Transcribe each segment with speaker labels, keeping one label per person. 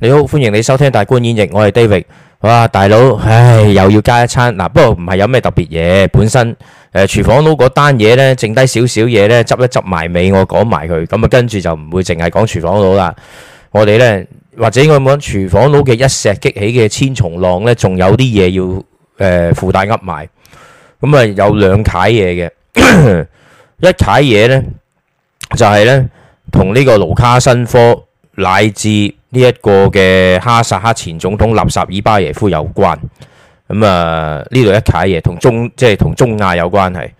Speaker 1: 你好，歡迎你收聽大觀演繹。我係 David 哇，大佬，唉，又要加一餐嗱。不過唔係有咩特別嘢，本身誒，廚房佬嗰單嘢咧，剩低少少嘢咧，執一執埋尾，我講埋佢咁啊。跟住就唔會淨係講廚房佬啦。我哋咧或者我講廚房佬嘅一石激起嘅千重浪咧，仲有啲嘢要誒附帶噏埋咁啊。有兩楷嘢嘅一楷嘢咧，就係咧同呢個盧卡申科乃至。呢一個嘅哈薩克前總統納薩爾巴耶夫有關，咁啊呢度一卡嘢同中即係同中亞有關係，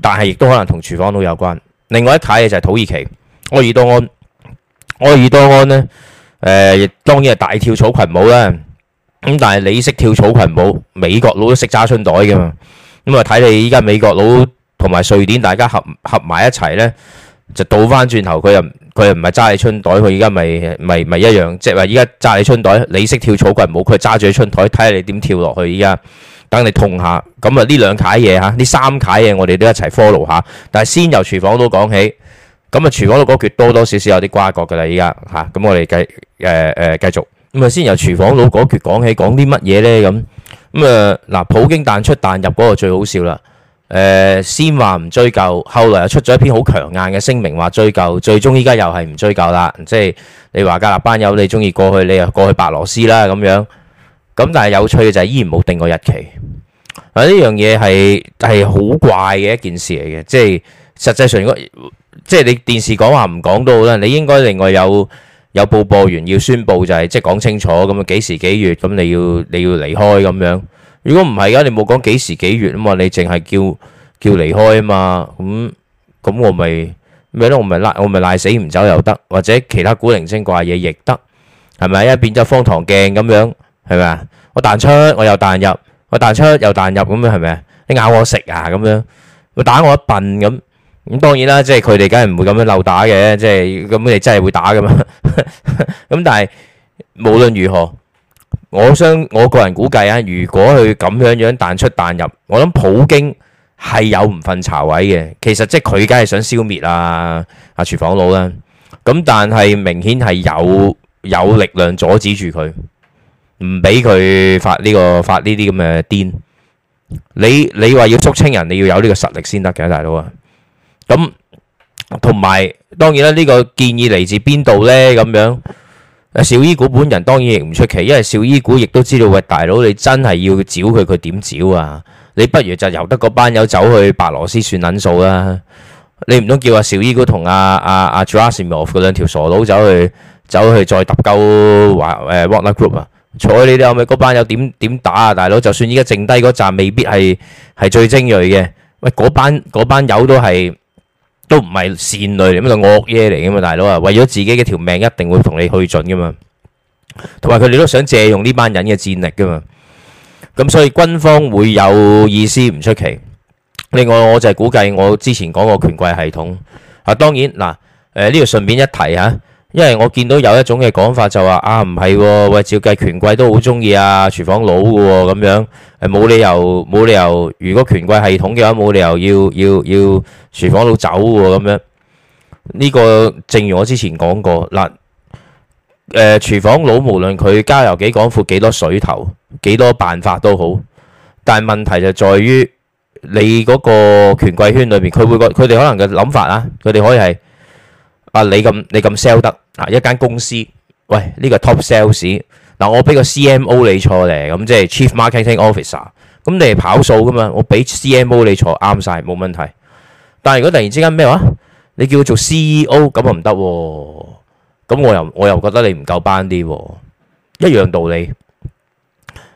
Speaker 1: 但係亦都可能同廚房佬有關。另外一卡嘢就係土耳其，埃爾多安，埃爾多安呢，誒、呃、當然係大跳草裙舞啦。咁但係你識跳草裙舞，美國佬都識揸春袋㗎嘛。咁啊睇你依家美國佬同埋瑞典大家合合埋一齊呢。就倒翻轉頭，佢又佢又唔係揸你春袋，佢依家咪咪咪一樣，即係話依家揸你春袋，你識跳草佢唔好。佢揸住你春袋，睇下你點跳落去。依家等你痛下，咁啊呢兩楷嘢嚇，呢三橛嘢我哋都一齊 follow 下。但係先，呃呃，先由廚房佬講起，咁啊廚房佬嗰橛多多少少有啲瓜葛㗎啦。依家嚇，咁我哋繼誒誒繼續，咁啊先由廚房佬嗰橛講起，講啲乜嘢咧？咁咁啊嗱，普京彈出彈入嗰個最好笑啦！誒，先話唔追究，後來又出咗一篇好強硬嘅聲明，話追究，最終依家又係唔追究啦。即係你話加納班友，你中意，過去，你就過去白羅斯啦咁樣。咁但係有趣嘅就係依然冇定過日期。啊，呢樣嘢係係好怪嘅一件事嚟嘅。即係實際上，如果即係你電視講話唔講都好啦，你應該另外有有報播員要宣佈，就係即係講清楚咁啊，幾時幾月，咁你要你要離開咁樣。如果唔係噶，你冇講幾時幾月啊嘛，你淨係叫叫離開啊嘛，咁咁我咪咩咧？我咪賴我咪賴死唔走又得，或者其他古靈精怪嘢亦得，係咪？一變咗荒唐鏡咁樣，係咪啊？我彈出我又彈入，我彈出又彈入咁樣，係咪啊？你咬我食啊咁樣，會打我一笨咁，咁當然啦，即係佢哋梗係唔會咁樣漏打嘅，即係咁你真係會打噶嘛？咁 但係無論如何。我想，我個人估計啊，如果佢咁樣樣彈出彈入，我諗普京係有唔瞓巢位嘅。其實即係佢梗係想消滅啊啊廚房佬啦。咁但係明顯係有有力量阻止住佢，唔俾佢發呢個發呢啲咁嘅癲。你你話要肅清人，你要有呢個實力先得嘅，大佬啊。咁同埋當然啦，呢個建議嚟自邊度呢？咁樣。阿紹伊古本人當然亦唔出奇，因為紹伊古亦都知道喂，大佬你真係要找佢，佢點找啊？你不如就由得嗰班友走去白羅斯算捻數啦。你唔通叫阿紹伊古同阿阿阿 Gerasimov 嗰兩條傻佬走去走去再搭鳩話誒 Wagner Group 啊？睬、啊啊、你哋後尾嗰班友點點打啊？大佬就算依家剩低嗰紮未必係係最精銳嘅，喂嗰班嗰班友都係。都唔係善類，咁就惡嘢嚟噶嘛，大佬啊！為咗自己嘅條命，一定會同你去盡噶嘛。同埋佢哋都想借用呢班人嘅戰力噶嘛。咁所以軍方會有意思唔出奇。另外，我就係估計我之前講過權貴系統啊。當然嗱，誒呢度順便一提吓。啊因為我見到有一種嘅講法就話、是、啊唔係喂，照計，權貴都好中意啊廚房佬嘅咁樣，冇理由冇理由，如果權貴系統嘅話，冇理由要要要廚房佬走嘅咁樣。呢、這個正如我之前講過嗱，誒廚、呃、房佬無論佢交遊幾廣闊幾多，多水頭幾多辦法都好，但係問題就在於你嗰個權貴圈裏面，佢會個佢哋可能嘅諗法啊，佢哋可以係。.啊！你咁你咁 sell 得啊！一間公司，喂，呢、這個 top sales，嗱、啊，我俾個 C M O 你坐咧，咁即係 chief marketing officer，咁你係跑數噶嘛？我俾 C M O 你坐啱晒，冇問題。但係如果突然之間咩話，你叫佢做 C E O，咁又唔得喎。咁我又我又覺得你唔夠班啲喎、啊，一樣道理。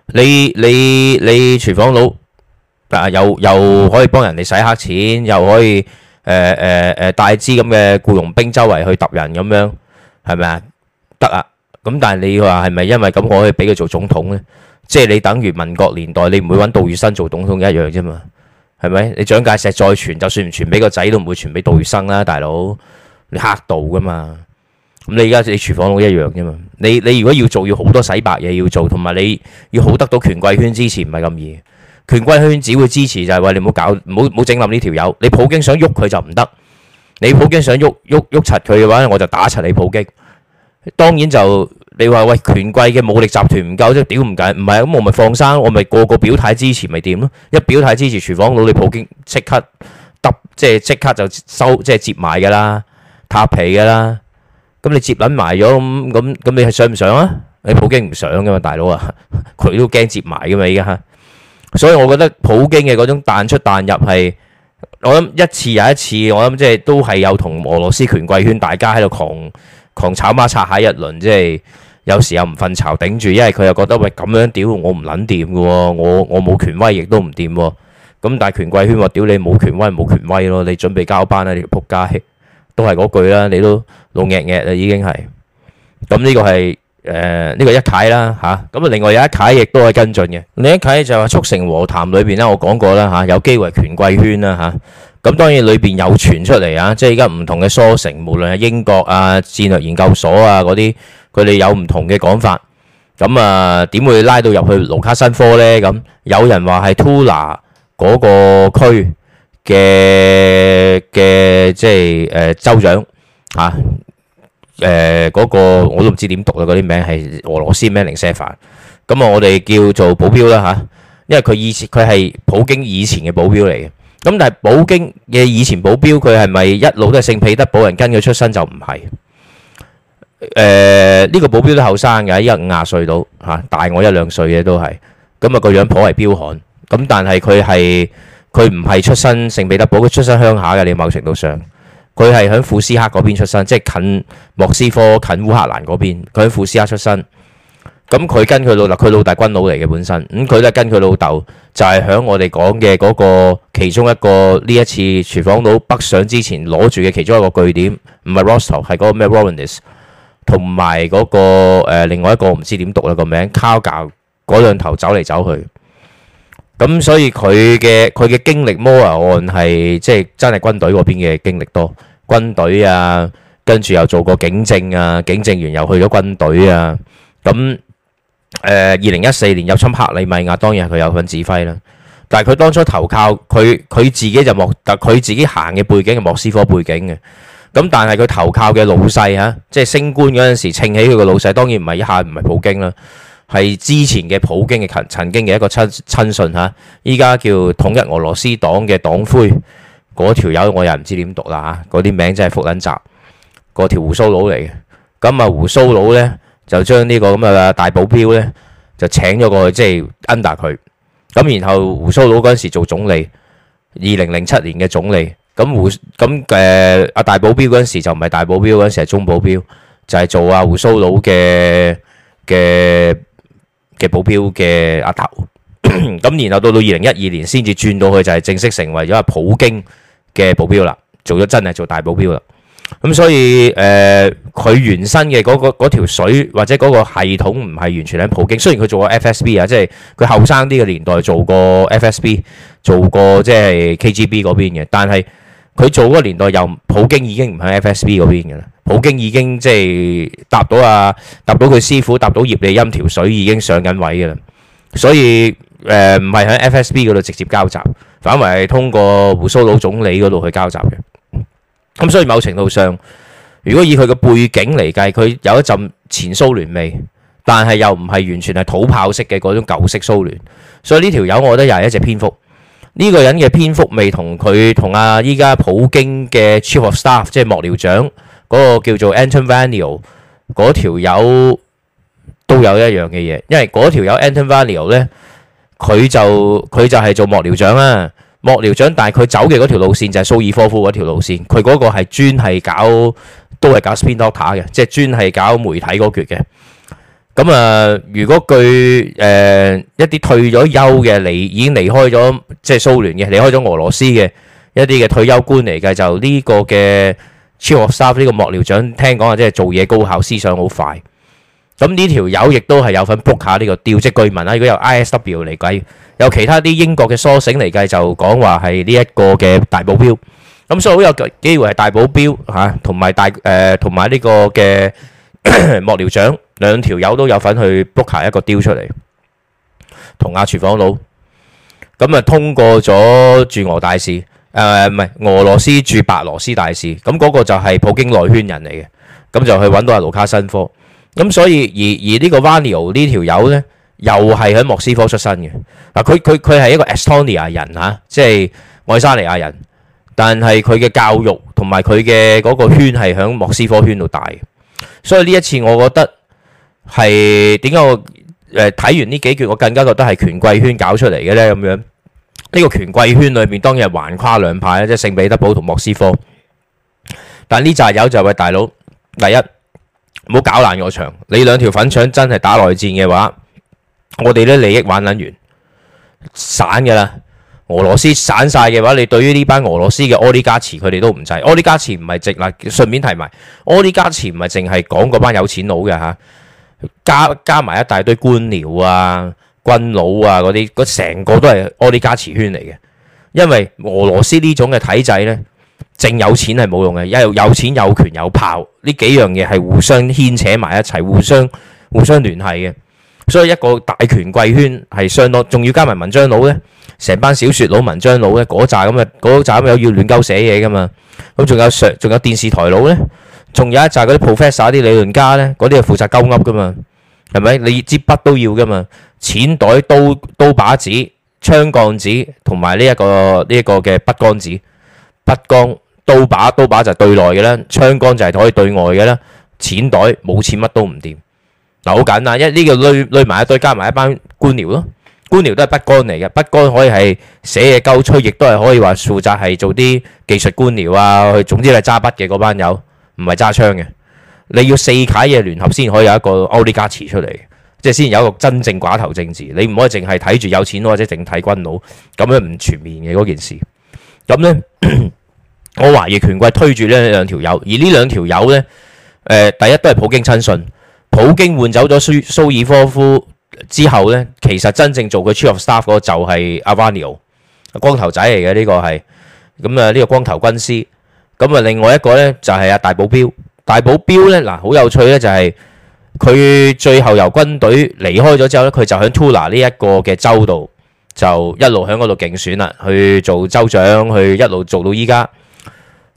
Speaker 1: 你你你，你廚房佬，嗱、啊，又又可以幫人哋洗黑錢，又可以。誒誒誒，帶支咁嘅雇傭兵周圍去揼人咁樣，係咪啊？得啊，咁但係你話係咪因為咁我可以俾佢做總統呢？即係你等於民國年代，你唔會揾杜月笙做總統一樣啫嘛？係咪？你蔣介石再傳，就算唔傳俾個仔，都唔會傳俾杜月笙啦，大佬。你黑道噶嘛！咁你而家你廚房都一樣啫嘛。你你如果要做，要好多洗白嘢，要做，同埋你要好得到權貴圈之前，唔係咁易。權貴圈只會支持就係話，你唔好搞，唔好唔好整冧呢條友。你普京想喐佢就唔得，你普京想喐喐喐柒佢嘅話咧，我就打柒你普京。當然就你話喂，權貴嘅武力集團唔夠即係屌唔緊，唔係咁我咪放生，我咪個個表態支持咪點咯？一表態支持，廚房佬你普京即刻揼即係即刻就收即係接埋㗎啦，塌皮㗎啦。咁你接撚埋咗咁咁咁，你係想唔想啊？你普京唔想噶嘛，大佬啊，佢都驚接埋噶嘛，而家。所以我覺得普京嘅嗰種彈出彈入係我諗一次又一次，我諗即係都係有同俄羅斯權貴圈大家喺度狂狂炒媽擦下一輪，即係有時又唔瞓巢頂住，因為佢又覺得喂咁樣屌我唔撚掂嘅喎，我我冇權威亦都唔掂喎。咁但係權貴圈話屌你冇權威冇權威咯，你準備交班啦，你仆街都係嗰句啦，你都老曳曳啦已經係咁呢個係。誒呢個一睇啦嚇，咁啊另外有一睇亦都係跟進嘅。另一睇就係促成和談裏邊咧，我講過啦嚇，有機會權貴圈啦嚇。咁當然裏邊有傳出嚟啊，即係而家唔同嘅疏城，無論係英國啊、戰略研究所啊嗰啲，佢哋有唔同嘅講法。咁啊點會拉到入去盧卡申科咧？咁有人話係 Tula 嗰個區嘅嘅，即係誒州長嚇。誒嗰、呃那個我都唔知點讀啦，嗰啲名係俄羅斯名寧舍凡，咁啊我哋叫做保鏢啦嚇，因為佢以前佢係普京以前嘅保鏢嚟嘅，咁但係普京嘅以前保鏢佢係咪一路都係聖彼得堡人跟佢出身就唔係，誒、呃、呢、這個保鏢都後生嘅，一五廿歲到嚇，寶寶大我一兩歲嘅都係，咁、那、啊個樣頗係彪悍，咁但係佢係佢唔係出身聖彼得堡，佢出身鄉下嘅，你某程度上。佢係喺富斯克嗰邊出生，即係近莫斯科近烏克蘭嗰邊。佢喺富斯克出生，咁佢跟佢老豆，佢老大軍佬嚟嘅本身，咁佢咧跟佢老豆就係喺我哋講嘅嗰個其中一個呢一次廚房佬北上之前攞住嘅其中一個據點，唔係 Rostov，係嗰個咩 Rovendis，同埋嗰個、呃、另外一個唔知點讀啦個名 Karg 嗰兩頭走嚟走去。咁所以佢嘅佢嘅經歷摩，摩爾案係即係真係軍隊嗰邊嘅經歷多，軍隊啊，跟住又做過警政啊，警政員又去咗軍隊啊。咁二零一四年入侵克里米亞，當然係佢有份指揮啦。但係佢當初投靠佢，佢自己就莫，但佢自己行嘅背景係莫斯科背景嘅。咁但係佢投靠嘅老細嚇，啊，即係升官嗰陣時稱起佢嘅老細，當然唔係一下唔係普京啦。係之前嘅普京嘅曾曾經嘅一個親親信吓，依家叫統一俄羅斯黨嘅黨魁嗰條友，那個、我又唔知點讀啦吓，嗰啲名真係複撚雜。個條鬍鬚佬嚟嘅，咁啊鬍鬚佬呢就將呢個咁嘅大保鏢呢就請咗過去，即係 under 佢咁，然後鬍鬚佬嗰時做總理，二零零七年嘅總理，咁胡咁嘅阿大保鏢嗰時就唔係大保鏢，嗰時係中保鏢，就係、是、做啊鬍鬚佬嘅嘅。嘅保鏢嘅阿頭，咁 然後到到二零一二年先至轉到去就係正式成為咗普京嘅保鏢啦，做咗真係做大保鏢啦。咁所以誒，佢、呃、原身嘅嗰個嗰條水或者嗰個系統唔係完全喺普京，雖然佢做過 FSB 啊，即係佢後生啲嘅年代做過 FSB，做過即係 KGB 嗰邊嘅，但係。佢做嗰個年代，又普京已經唔喺 FSB 嗰邊嘅啦。普京已經即係搭到啊，搭到佢師傅，搭到葉利欽條水已經上緊位嘅啦。所以誒，唔係喺 FSB 嗰度直接交集，反為係通過胡蘇魯總理嗰度去交集嘅。咁所以某程度上，如果以佢嘅背景嚟計，佢有一陣前蘇聯味，但係又唔係完全係土炮式嘅嗰種舊式蘇聯。所以呢條友，我覺得又係一隻蝙蝠。呢個人嘅篇幅未同佢同啊，依家普京嘅 chief of staff，即係幕僚長嗰個叫做 Anton Vaino 嗰條友都有一樣嘅嘢，因為嗰條友 Anton Vaino 咧，佢就佢就係做幕僚長啊，幕僚長，但係佢走嘅嗰條路線就係蘇爾科夫嗰條路線，佢嗰個係專係搞都係搞 spin doctor 嘅，即係專係搞媒體嗰橛嘅。咁啊！如果據誒一啲退咗休嘅離已經離開咗，即係蘇聯嘅離開咗俄羅斯嘅一啲嘅退休官嚟計，就呢個嘅 Chief of Staff 呢個幕僚長，聽講啊，即係做嘢高效，思想好快。咁呢條友亦都係有份 book 下呢個調職據聞啦。如果有 ISW 嚟計，有其他啲英國嘅梳醒嚟計，就講話係呢一個嘅大保鏢咁，所以好有機會係大保鏢嚇，同埋大誒同埋呢個嘅幕僚長。兩條友都有份去 book 下一個雕出嚟，同阿廚房佬，咁啊通過咗駐俄大使，誒唔係俄羅斯駐白羅斯大使，咁嗰個就係普京內圈人嚟嘅，咁就去揾到阿盧卡申科，咁所以而而呢個 Vanio 呢條友呢，又係喺莫斯科出身嘅，嗱，佢佢佢係一個 Estonia 人吓，啊，即係愛沙尼亞人，但係佢嘅教育同埋佢嘅嗰個圈係響莫斯科圈度大，所以呢一次我覺得。係點解我誒睇、呃、完呢幾句，我更加覺得係權貴圈搞出嚟嘅呢？咁樣呢、這個權貴圈裏面當然橫跨兩派，即係聖彼得堡同莫斯科。但呢紮友就喂、是、大佬，第一唔好搞爛個場。你兩條粉腸真係打內戰嘅話，我哋咧利益玩捻完散噶啦。俄羅斯散晒嘅話，你對於呢班俄羅斯嘅 oligarch 佢哋都唔制。oligarch 唔係直立，順便提埋 oligarch 唔係淨係講嗰班有錢佬嘅吓。加加埋一大堆官僚啊、軍佬啊嗰啲，成個都係阿里加持圈嚟嘅。因為俄羅斯呢種嘅體制呢，淨有錢係冇用嘅，因為有錢有權有炮呢幾樣嘢係互相牽扯埋一齊，互相互相聯繫嘅。所以一個大權貴圈係相當，仲要加埋文章佬呢，成班小説佬、文章佬呢，嗰扎咁啊，嗰扎咁又要亂鳩寫嘢噶嘛。咁仲有上，仲有電視台佬呢。仲有一扎嗰啲 professor 啲理論家呢，嗰啲係負責鳩噏㗎嘛，係咪？你支筆都要㗎嘛，錢袋、刀刀把子、槍桿子同埋呢一個呢一個嘅筆桿子。筆桿、刀把刀把就係對內嘅啦，槍桿就係可以對外嘅啦。錢袋冇錢乜都唔掂嗱，好簡單一呢個累累埋一堆，加埋一班官僚咯。官僚都係筆桿嚟嘅，筆桿可以係寫嘢鳩吹，亦都係可以話負責係做啲技術官僚啊。去總之你揸筆嘅嗰班友。唔係揸槍嘅，你要四派嘢聯合先可以有一個奧利加茨出嚟，即係先有一個真正寡頭政治。你唔可以淨係睇住有錢或者淨睇軍佬咁樣唔全面嘅嗰件事。咁呢， 我懷疑權貴推住呢兩條友，而呢兩條友呢，誒、呃、第一都係普京親信。普京換走咗蘇蘇爾科夫之後呢，其實真正做佢 chief of staff 嗰個就係 Avaniel 光頭仔嚟嘅呢個係，咁啊呢個光頭軍師。咁啊，另外一個呢就係阿大保鏢。大保鏢呢，嗱，好有趣呢，就係佢最後由軍隊離開咗之後呢，佢就喺 Tula 呢一個嘅州度，就一路喺嗰度競選啦，去做州長，去一路做到依家。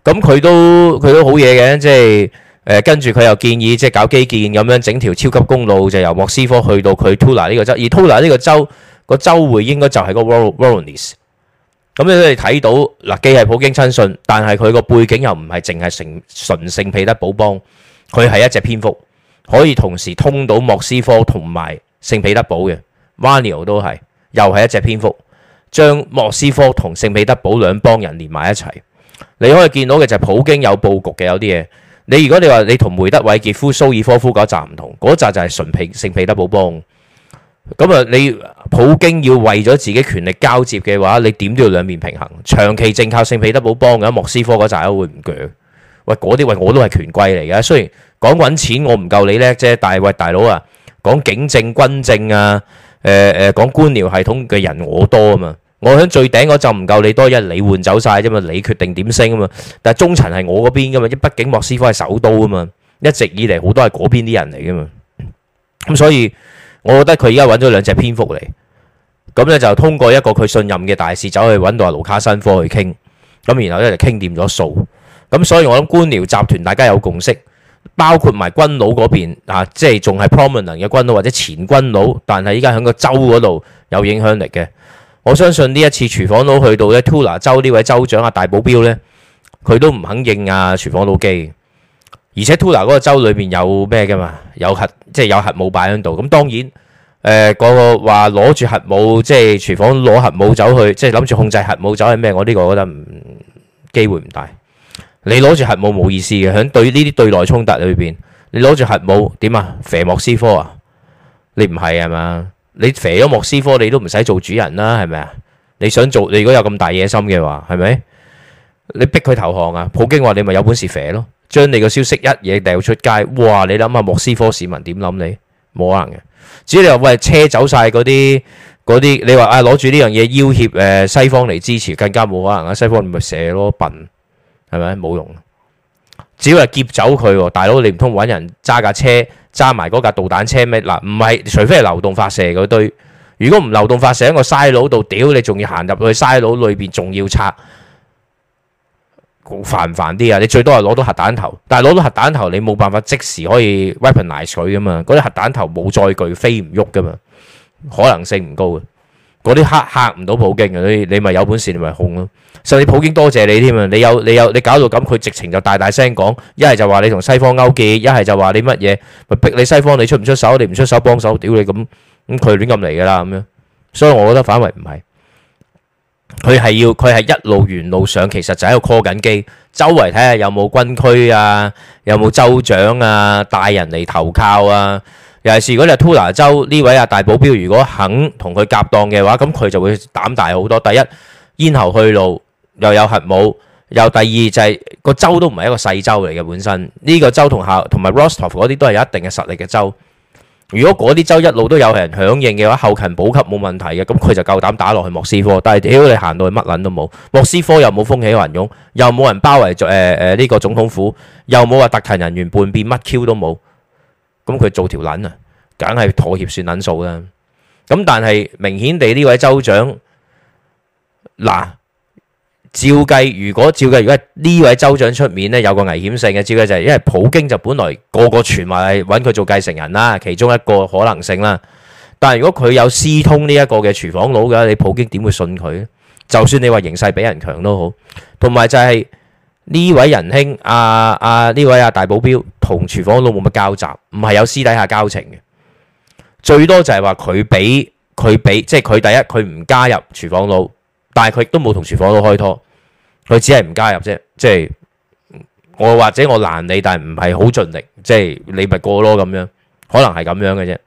Speaker 1: 咁佢都佢都好嘢嘅，即係跟住佢又建議即係、就是、搞基建咁樣整條超級公路，就由莫斯科去到佢 Tula 呢個州。而 Tula 呢個州個州會應該就係個 Volovness 咁、嗯、你都睇到嗱，既係普京親信，但係佢個背景又唔係淨係純純聖彼得堡幫。佢係一隻蝙蝠，可以同時通到莫斯科同埋聖彼得堡嘅，a 瓦尼奧都係又係一隻蝙蝠，將莫斯科同聖彼得堡兩幫人連埋一齊。你可以見到嘅就係普京有佈局嘅有啲嘢。你如果你話你同梅德韋傑夫、蘇爾科夫嗰集唔同，嗰集就係純聖聖彼得堡幫。咁啊！你普京要為咗自己權力交接嘅話，你點都要兩面平衡。長期政靠聖彼得堡幫嘅莫斯科嗰扎會唔懼？喂，嗰啲喂我都係權貴嚟噶雖然講搵錢我唔夠你叻啫，但係喂大佬啊，講警政、軍政啊，誒、呃、誒，講官僚系統嘅人我多啊嘛。我喺最頂嗰陣唔夠你多，因為你換走晒啫嘛，你決定點升啊嘛。但係中層係我嗰邊噶嘛，即係畢竟莫斯科係首都啊嘛，一直以嚟好多係嗰邊啲人嚟噶嘛。咁所以。我覺得佢依家揾咗兩隻蝙蝠嚟，咁呢就通過一個佢信任嘅大使走去揾到阿盧卡申科去傾，咁然後呢就傾掂咗數，咁所以我諗官僚集團大家有共識，包括埋軍佬嗰邊啊，即係仲係 prominent 嘅軍佬或者前軍佬，但係依家喺個州嗰度有影響力嘅。我相信呢一次廚房佬去到呢 Tula 州呢位州長啊大保鏢呢，佢都唔肯應啊廚房佬機。而且 Tula 嗰個州裏邊有咩嘅嘛？有核即係有核武擺喺度。咁當然，誒嗰個話攞住核武即係廚房攞核武走去，即係諗住控制核武走去咩？我呢個我覺得唔機會唔大。你攞住核武冇意思嘅。喺對呢啲對內衝突裏邊，你攞住核武點啊？廢莫斯科啊？你唔係係嘛？你廢咗莫斯科，你都唔使做主人啦，係咪啊？你想做？你如果有咁大野心嘅話，係咪？你逼佢投降啊？普京話你咪有本事廢咯。將你個消息，一嘢掉出街，哇！你諗下莫斯科市民點諗你？冇可能嘅。只要你話喂，車走晒嗰啲啲，你話啊，攞住呢樣嘢要挾誒西方嚟支持，更加冇可能啊！西方咪射咯，笨，係咪？冇用。只要係劫走佢，大佬你唔通搵人揸架車揸埋嗰架導彈車咩？嗱，唔係，除非係流動發射嗰堆。如果唔流動發射喺個 silo 度，屌你仲要行入去 silo 裏邊，仲要拆。煩煩啲啊！你最多係攞到核彈頭，但係攞到核彈頭你冇辦法即時可以 weaponize 噶嘛？嗰啲核彈頭冇載具飛唔喐噶嘛？可能性唔高嘅。嗰啲吓吓唔到普京嘅，所以你咪有本事你咪控咯。甚至普京多謝你添啊！你有你有你搞到咁，佢直情就大大聲講，一係就話你同西方勾結，一係就話你乜嘢咪逼你西方你出唔出手，你唔出手幫手，屌你咁咁佢亂咁嚟噶啦咁樣。所以我覺得反為唔係。佢係要，佢係一路沿路上，其實就喺度 call 緊機，周圍睇下有冇軍區啊，有冇州長啊，帶人嚟投靠啊。尤其是如果你係 Tula 州呢位啊大保鏢，如果肯同佢夾檔嘅話，咁佢就會膽大好多。第一咽喉去路又有核武，又第二就係、是個，這個州都唔係一個細州嚟嘅，本身呢個州同下同埋 Rostov 嗰啲都係有一定嘅實力嘅州。如果嗰啲州一路都有人響應嘅話，後勤補給冇問題嘅，咁佢就夠膽打落去莫斯科。但係屌你行到去乜捻都冇，莫斯科又冇風起雲湧，又冇人包圍住誒誒呢個總統府，又冇話特勤人員叛變，乜 Q 都冇，咁佢做條捻啊，梗係妥協算捻數啦。咁但係明顯地呢位州長嗱。照計，如果照計，如果呢位州長出面呢，有個危險性嘅，照計就係，因為普京就本來個個傳聞係揾佢做繼承人啦，其中一個可能性啦。但係如果佢有私通呢一個嘅廚房佬嘅，你普京點會信佢呢？就算你話形勢比人強都好，同埋就係呢位仁兄阿阿呢位阿大保鏢同廚房佬冇乜交集，唔係有私底下交情嘅，最多就係話佢俾佢俾，即係佢第一佢唔加入廚房佬。但係佢亦都冇同廚房佬開拖，佢只係唔加入啫。即係我或者我攔你，但係唔係好盡力。即係你咪過咯咁樣，可能係咁樣嘅啫。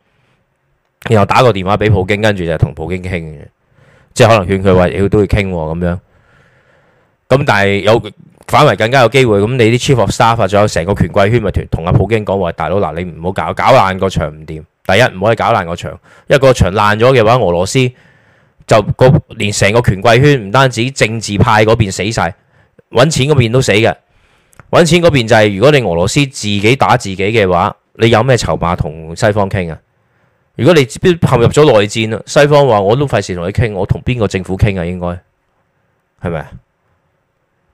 Speaker 1: 然後打個電話俾普京，跟住就同普京傾嘅，即係可能勸佢話要都要傾喎咁樣。咁但係有反為更加有機會，咁你啲 Chief of Staff 仲有成個權貴圈咪團同阿普京講話，大佬，嗱你唔好搞搞爛個場唔掂。第一唔可以搞爛個場，因為個場爛咗嘅話，俄羅斯。就連成個權貴圈，唔單止政治派嗰邊死晒，揾錢嗰邊都死嘅。揾錢嗰邊就係如果你俄羅斯自己打自己嘅話，你有咩籌碼同西方傾啊？如果你陷入咗內戰，西方話我都費事同你傾，我同邊個政府傾啊？應該係咪啊？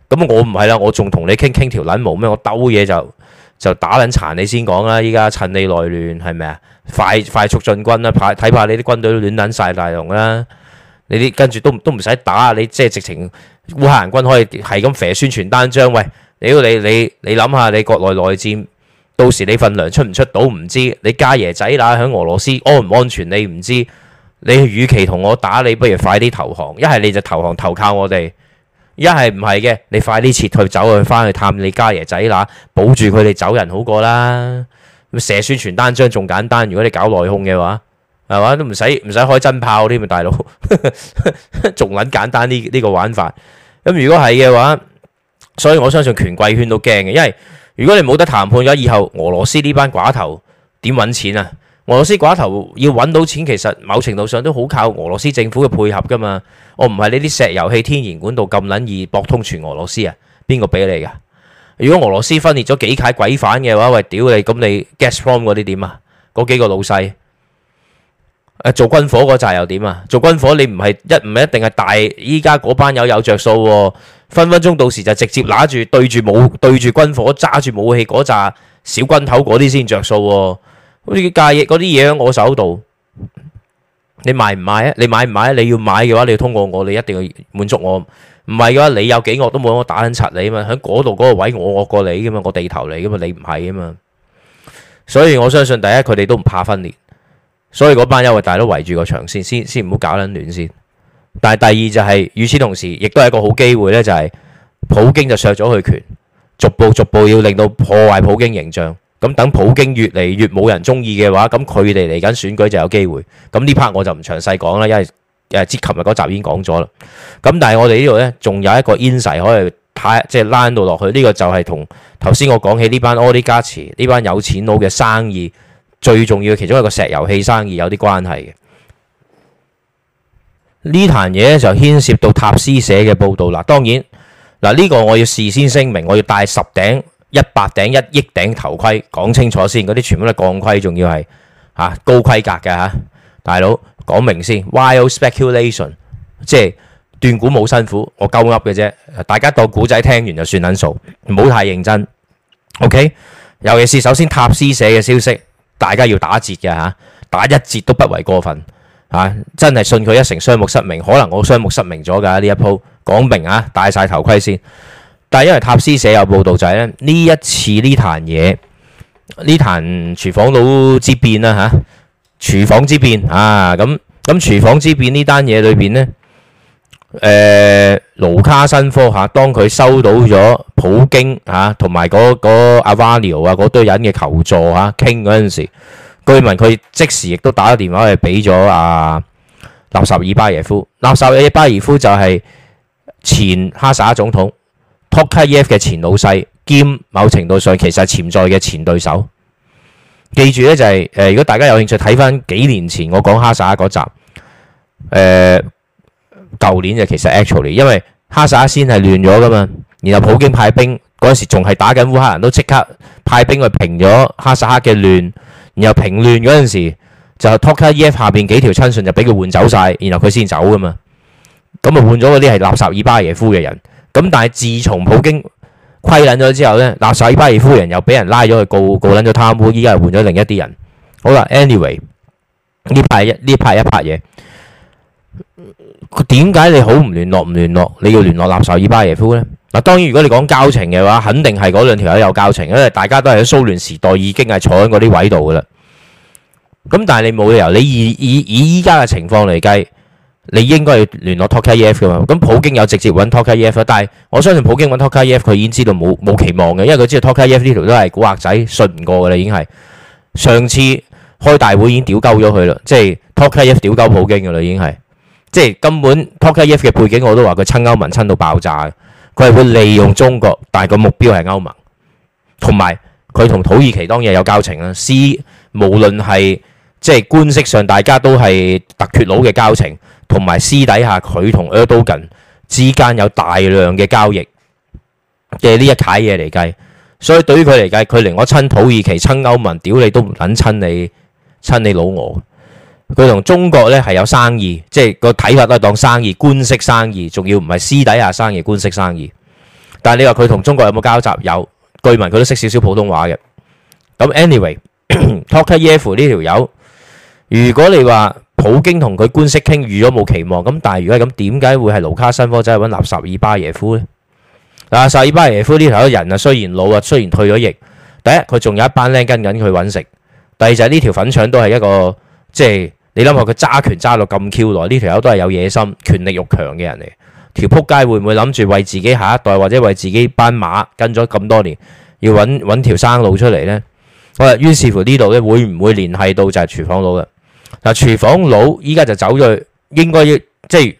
Speaker 1: 咁我唔係啦，我仲同你傾傾條撚毛咩？我兜嘢就就打撚殘你先講啦！依家趁你內亂係咪啊？快快速進軍啦，睇怕你啲軍隊都亂撚晒大龍啦～你啲跟住都都唔使打，你即係直情烏克蘭軍可以係咁射宣傳單張。喂，屌你你你諗下，你,你,想想你國內內戰到時你份糧出唔出到唔知，你家爺仔乸喺俄羅斯安唔安全你唔知。你與其同我打，你不如快啲投降。一係你就投降投靠我哋，一係唔係嘅，你快啲撤退走去，翻去探你家爺仔乸，保住佢哋走人好過啦。射宣傳單張仲簡單，如果你搞內訌嘅話。係嘛，都唔使唔使開真炮添，大佬，仲 撚簡單呢，呢、這個玩法。咁如果係嘅話，所以我相信權貴圈都驚嘅，因為如果你冇得談判嘅話，以後俄羅斯呢班寡頭點搵錢啊？俄羅斯寡頭要搵到錢，其實某程度上都好靠俄羅斯政府嘅配合噶嘛。我唔係你啲石油氣天然管道咁撚易博通全俄羅斯啊？邊個俾你噶？如果俄羅斯分裂咗幾屆鬼反嘅話，喂，屌你，咁你 Gazprom 嗰啲點啊？嗰幾個老細？做軍火嗰紮又點啊？做軍火你唔係一唔係一定係大？依家嗰班友有着數，分分鐘到時就直接拿住對住武對住軍火揸住武器嗰紮小軍頭嗰啲先着數。好似架嘢嗰啲嘢喺我手度，你買唔買啊？你買唔買？你要買嘅話，你要通過我，你一定要滿足我。唔係嘅話，你有幾惡都冇用，我打緊賊你啊嘛！喺嗰度嗰個位，我惡過你噶嘛，我地頭嚟噶嘛，你唔係啊嘛。所以我相信第一，佢哋都唔怕分裂。所以嗰班優惠大佬圍住個牆先，先先唔好搞撚亂先。但係第二就係，與此同時，亦都係一個好機會呢，就係普京就削咗佢權，逐步逐步要令到破壞普京形象。咁等普京越嚟越冇人中意嘅話，咁佢哋嚟緊選舉就有機會。咁呢 part 我就唔詳細講啦，因為誒即琴日嗰集已經講咗啦。咁但係我哋呢度呢，仲有一個 insight 可以睇，即係拉到落去呢個就係同頭先我講起呢班奧利加茨呢班有錢佬嘅生意。最重要嘅其中一個石油氣生意有啲關係嘅呢壇嘢，就牽涉到塔斯社嘅報道啦。當然嗱，呢、這個我要事先聲明，我要戴十頂、一百頂、一億頂頭盔，講清楚先，嗰啲全部都係鋼盔，仲要係嚇高規格嘅嚇、啊、大佬，講明先。wild speculation 即係斷估冇辛苦，我鳩噏嘅啫。大家當古仔聽完就算撚數，唔好太認真。OK，尤其是首先塔斯社嘅消息。大家要打折嘅嚇，打一折都不為過分嚇、啊，真係信佢一成雙目失明，可能我雙目失明咗㗎呢一鋪，講明嚇，戴晒頭盔先。但係因為塔斯社有報導就係，呢一次呢壇嘢，呢壇廚房佬之變啦嚇、啊，廚房之變啊咁咁，廚房之變呢單嘢裏邊呢。誒，盧卡申科吓，當佢收到咗普京吓同埋嗰嗰阿瓦廖啊嗰堆人嘅求助吓，傾嗰陣時，據聞佢即時亦都打咗電話去俾咗阿納什爾巴耶夫。納什爾巴耶夫就係前哈薩總統托卡耶夫嘅前老細，兼某程度上其實潛在嘅前對手。記住呢就係、是呃、如果大家有興趣睇翻幾年前我講哈薩嗰集，呃舊年就其實 actually，因為哈薩克先係亂咗噶嘛，然後普京派兵嗰陣時仲係打緊烏克蘭，都即刻派兵去平咗哈薩克嘅亂，然後平亂嗰陣時就 Tokayev 下邊幾條親信就俾佢換走晒，然後佢先走噶嘛。咁啊換咗嗰啲係納薩爾巴耶夫嘅人，咁但係自從普京虧撚咗之後呢，納薩爾巴耶夫人又俾人拉咗去告告撚咗貪污，依家又換咗另一啲人。好啦，anyway 呢排一呢排一拍嘢。點解你好唔聯絡唔聯絡，你要聯絡納守爾巴耶夫呢？嗱，當然如果你講交情嘅話，肯定係嗰兩條友有交情，因為大家都係喺蘇聯時代已經係坐喺嗰啲位度噶啦。咁但係你冇理由，你以以依家嘅情況嚟計，你應該要聯絡托卡 EF 噶嘛？咁普京有直接揾 t 搵托卡 EF，但係我相信普京揾 t 搵托卡 EF，佢已經知道冇冇期望嘅，因為佢知道 t、OK、a 托卡 EF 呢條都係古惑仔，信唔過噶啦，已經係上次開大會已經屌鳩咗佢啦，即係托卡 EF 屌鳩普京噶啦，已經係。即係根本 Tokayev 嘅背景，我都話佢親歐盟親到爆炸嘅，佢係會利用中國，但係個目標係歐盟，同埋佢同土耳其當然有交情啦。私無論係即係官式上大家都係突厥佬嘅交情，同埋私底下佢同 Erdogan 之間有大量嘅交易嘅呢一啓嘢嚟計，所以對於佢嚟計，佢連我親土耳其親歐盟屌你都唔撚親你，親你老我。佢同中國咧係有生意，即係個睇法都係當生意，官式生意，仲要唔係私底下生意，官式生意。但係你話佢同中國有冇交集？有，據聞佢都識少少普通話嘅。咁 anyway，t a 托卡耶夫呢條友，如果你話普京同佢官式傾，預咗冇期望。咁但係如果咁，點解會係盧卡申科仔去搵納沙爾巴耶夫呢？嗱，納沙爾巴耶夫呢條人啊，雖然老啊，雖然退咗役，第一佢仲有一班僆跟緊佢揾食，第二就係呢條粉腸都係一個即係。你諗下佢揸拳揸到咁 Q 耐，呢條友都係有野心、權力欲強嘅人嚟。條仆街會唔會諗住為自己下一代，或者為自己班馬跟咗咁多年，要揾揾條生路出嚟呢？我話於是乎呢度咧，會唔會聯繫到就係廚房佬嘅？嗱，廚房佬依家就走咗去，應該要即係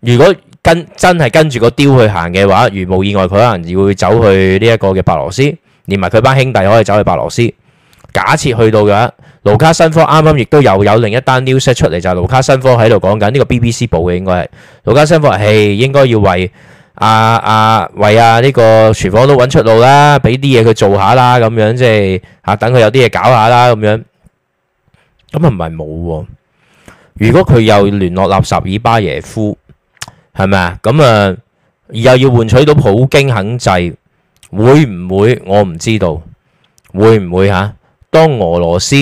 Speaker 1: 如果跟真係跟住個雕去行嘅話，如無意外，佢可能要走去呢一個嘅白羅斯，連埋佢班兄弟可以走去白羅斯。假設去到嘅話，盧卡申科啱啱亦都又有另一單 news 出嚟，就係、是、盧卡申科喺度講緊呢個 BBC 報嘅應該係盧卡申科係應該要為啊啊，為啊呢、這個廚房都揾出路啦，俾啲嘢佢做下啦，咁樣即係嚇等佢有啲嘢搞下啦，咁樣咁係唔係冇喎？如果佢又聯絡納扎爾巴耶夫，係咪啊？咁啊又要換取到普京肯制，會唔會我唔知道？會唔會嚇、啊？當俄羅斯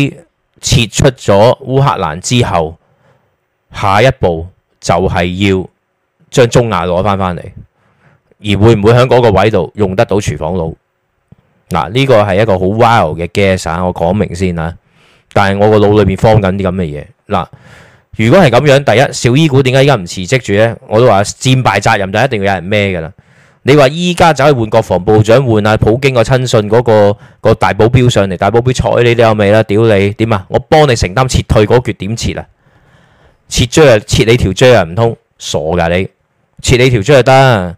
Speaker 1: 撤出咗烏克蘭之後，下一步就係要將中亞攞翻返嚟，而會唔會喺嗰個位度用得到廚房佬？嗱，呢個係一個好 wild 嘅 guess，我講明先啊。但係我個腦裏面放緊啲咁嘅嘢。嗱，如果係咁樣，第一，小伊古點解依家唔辭職住呢？我都話戰敗責任就一定要有人孭㗎喇。你話依家就係換國防部長，換阿普京個親信嗰個個大保鏢上嚟，大保鏢坐喺你啲有未啦？屌你點啊？我幫你承擔撤退嗰決點撤啊？撤追啊？撤你條追啊？唔通傻噶你？撤你條追就得？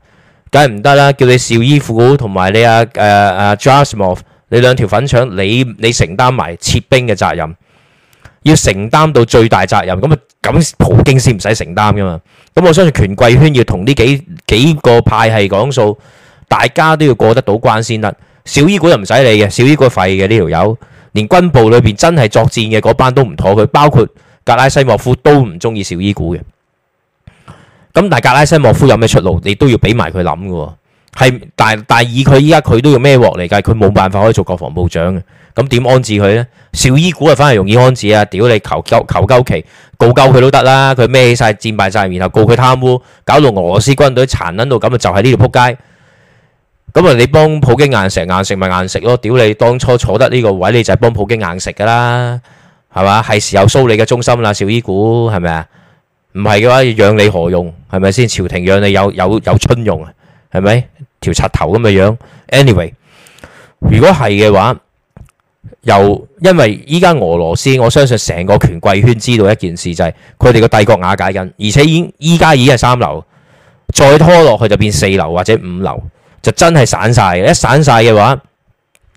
Speaker 1: 梗係唔得啦！叫你紹衣夫同埋你阿誒誒 Jasmov，你兩條粉腸，你你承擔埋撤兵嘅責任，要承擔到最大責任咁啊！咁普京先唔使承擔噶嘛？咁我相信權貴圈要同呢幾幾個派系講數，大家都要過得到關先得。小伊古就唔使理嘅，小伊古廢嘅呢條友，連軍部裏邊真係作戰嘅嗰班都唔妥佢，包括格拉西莫夫都唔中意小伊古嘅。咁但係格拉西莫夫有咩出路？你都要俾埋佢諗㗎。係，但但以佢依家佢都要咩鑊嚟計，佢冇辦法可以做國防部長嘅。咁點安置佢呢？紹伊古啊，反而容易安置啊！屌你求鳩求鳩期告鳩佢都得啦，佢孭起曬戰敗債，然後告佢貪污，搞到俄羅斯軍隊殘撚到咁啊！就係呢度撲街咁啊！你幫普京硬食硬食咪硬食咯！屌你當初坐得呢個位，你就係幫普京硬食噶啦，係嘛？係時候蘇你嘅忠心啦，紹伊古係咪啊？唔係嘅話，要養你何用係咪先？朝廷養你有有有春用係咪條柒頭咁嘅樣？anyway，如果係嘅話，又因為依家俄羅斯，我相信成個權貴圈知道一件事，就係佢哋個帝國瓦解緊，而且已經依家已經係三樓，再拖落去就變四樓或者五樓，就真係散晒。一散晒嘅話，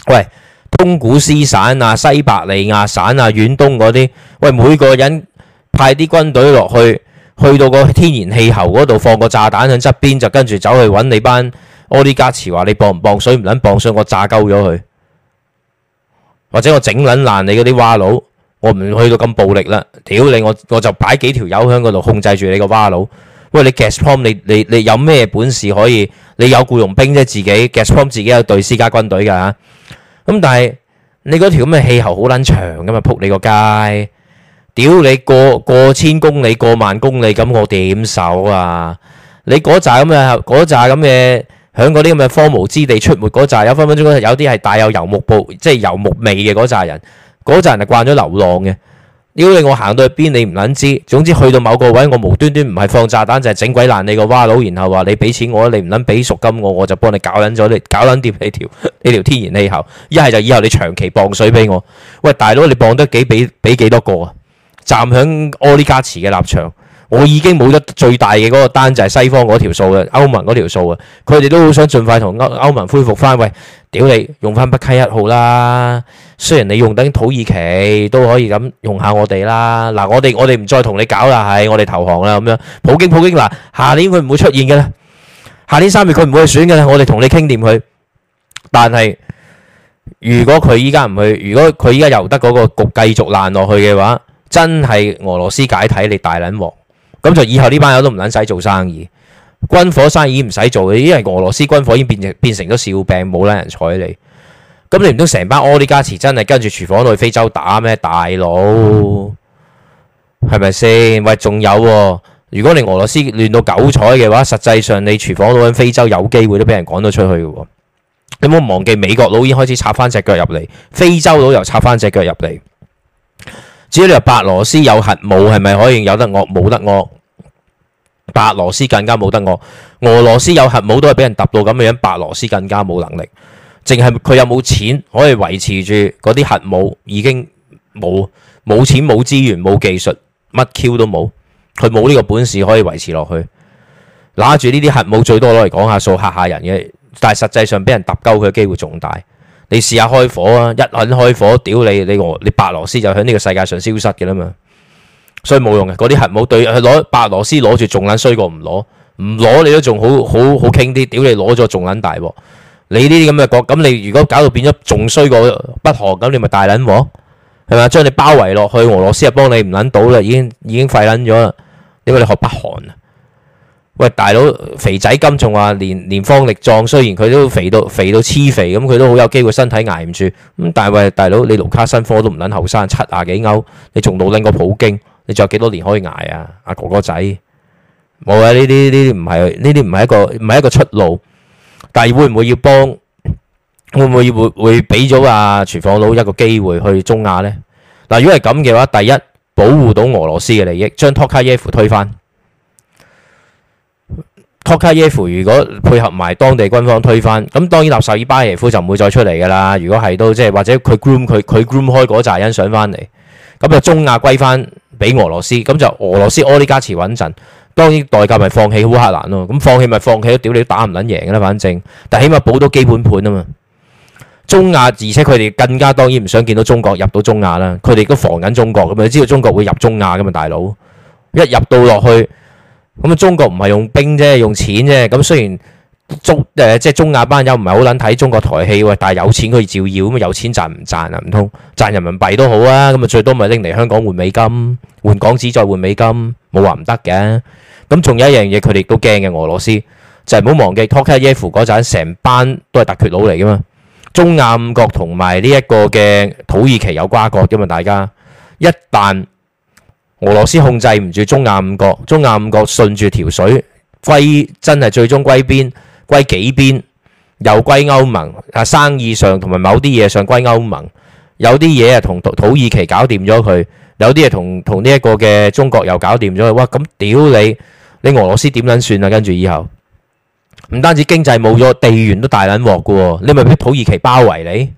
Speaker 1: 喂，通古斯散啊，西伯利亞散啊，遠東嗰啲，喂，每個人派啲軍隊落去，去到個天然氣喉嗰度放個炸彈喺側邊，就跟住走去揾你班奧利加茨話你磅唔磅水，唔撚磅水我炸鳩咗佢。或者我整捻爛你嗰啲蛙佬，我唔去到咁暴力啦。屌你我我就擺幾條友喺嗰度控制住你個蛙佬。喂，你 Gazprom 你你你有咩本事可以？你有雇傭兵啫，自己 Gazprom 自己有隊私家軍隊噶吓。咁但係你嗰條咁嘅氣喉好捻長噶嘛，扑你個街。屌你過過千公里過萬公里，咁我點守啊？你嗰扎咁嘅嗰扎咁嘅。喺嗰啲咁嘅荒蕪之地出沒嗰扎有分分鐘有啲係帶有遊牧部，即係遊牧味嘅嗰扎人，嗰扎人係慣咗流浪嘅。如果你我行到去邊，你唔撚知。總之去到某個位，我無端端唔係放炸彈，就係整鬼爛你個蛙佬，然後話你俾錢我，你唔撚俾贖金我，我就幫你搞撚咗你，搞撚掂你條你條天然氣喉。一係就以後你長期磅水俾我。喂，大佬你磅得幾俾？俾幾多個啊？站喺奧利加茨嘅立場。我已經冇得最大嘅嗰個單，就係西方嗰條數啊，歐盟嗰條數啊。佢哋都好想盡快同歐歐盟恢復翻。喂，屌你用翻北溪一號啦。雖然你用等土耳其都可以咁用下我哋啦。嗱，我哋我哋唔再同你搞啦，係我哋投降啦咁樣。普京普京嗱，下年佢唔會出現嘅咧，下年三月佢唔會去選嘅咧。我哋同你傾掂佢，但係如果佢依家唔去，如果佢依家由得嗰個局繼續爛落去嘅話，真係俄羅斯解體，你大撚鑊。咁就以後呢班友都唔撚使做生意，軍火生意唔使做，因為俄羅斯軍火已經變成變成咗笑柄，冇撚人睬你。咁你唔通成班阿尼加茨真係跟住廚房佬去非洲打咩？大佬係咪先？喂，仲有，啊，如果你俄羅斯亂到九彩嘅話，實際上你廚房佬喺非洲有機會都俾人趕咗出去嘅。你唔好忘記美國佬已經開始插翻隻腳入嚟，非洲佬又插翻隻腳入嚟。至於你話白羅斯有核武係咪可以有得惡冇得惡？白羅斯更加冇得我，俄羅斯有核武都係俾人揼到咁嘅樣，白羅斯更加冇能力，淨係佢有冇錢可以維持住嗰啲核武已經冇，冇錢冇資源冇技術乜 Q 都冇，佢冇呢個本事可以維持落去，拿住呢啲核武最多攞嚟講下數嚇下人嘅，但係實際上俾人揼鳩佢嘅機會仲大，你試下開火啊，一撚開火，屌你你俄你白羅斯就響呢個世界上消失嘅啦嘛。所以冇用嘅，嗰啲核武對去攞白羅斯攞住，仲撚衰過唔攞唔攞，你都仲好好好傾啲。屌你攞咗仲撚大鑊！你呢啲咁嘅國咁，你如果搞到變咗仲衰過北韓，咁你咪大撚鑊係咪？將你包圍落去，去俄羅斯又幫你唔撚到啦，已經已經廢撚咗啦，因為你學北韓啊。喂，大佬肥仔金仲話連連方力壯，雖然佢都肥到肥到黐肥咁，佢都好有機會身體捱唔住咁。但係喂大佬，你盧卡申科都唔撚後生，七廿幾歐，你仲老撚過普京？你仲有幾多年可以挨啊？阿哥哥仔，冇啊！呢啲呢啲唔係呢啲唔係一個唔係一個出路。但係會唔會要幫？會唔會要會會俾咗阿廚房佬一個機會去中亞呢？嗱，如果係咁嘅話，第一保護到俄羅斯嘅利益，將托卡耶夫推翻。托卡耶夫如果配合埋當地軍方推翻咁，當然納薩爾巴耶夫就唔會再出嚟噶啦。如果係都即係或者佢 groom 佢佢 groom 開嗰扎欣想翻嚟咁，就中亞歸翻。俾俄羅斯，咁就俄羅斯安啲加詞穩陣，當然代價咪放棄烏克蘭咯。咁放棄咪放棄咯，屌你都打唔撚贏嘅啦，反正打打。但起碼保到基本盤啊嘛。中亞，而且佢哋更加當然唔想見到中國入到中亞啦，佢哋都防緊中國咁啊！你知道中國會入中亞嘅嘛，大佬。一入到落去，咁中國唔係用兵啫，用錢啫。咁雖然。中誒、呃，即係中亞班友唔係好撚睇中國台戲喎，但係有錢佢照要咁。有錢賺唔賺啊？唔通賺人民幣都好啊。咁啊，最多咪拎嚟香港換美金，換港紙再換美金，冇話唔得嘅。咁仲有一樣嘢，佢哋都驚嘅。俄羅斯就係唔好忘記，Tarkief 嗰陣成班都係突厥佬嚟噶嘛。中亞五國同埋呢一個嘅土耳其有瓜葛嘅嘛，大家一旦俄羅斯控制唔住中亞五國，中亞五國順住條水歸真係最終歸邊？歸幾邊，又歸歐盟啊？生意上同埋某啲嘢上歸歐盟，有啲嘢啊同土土耳其搞掂咗佢，有啲啊同同呢一個嘅中國又搞掂咗佢。哇！咁屌你，你俄羅斯點捻算啊？跟住以後唔單止經濟冇咗，地緣都大捻鑊噶，你咪俾土耳其包圍你，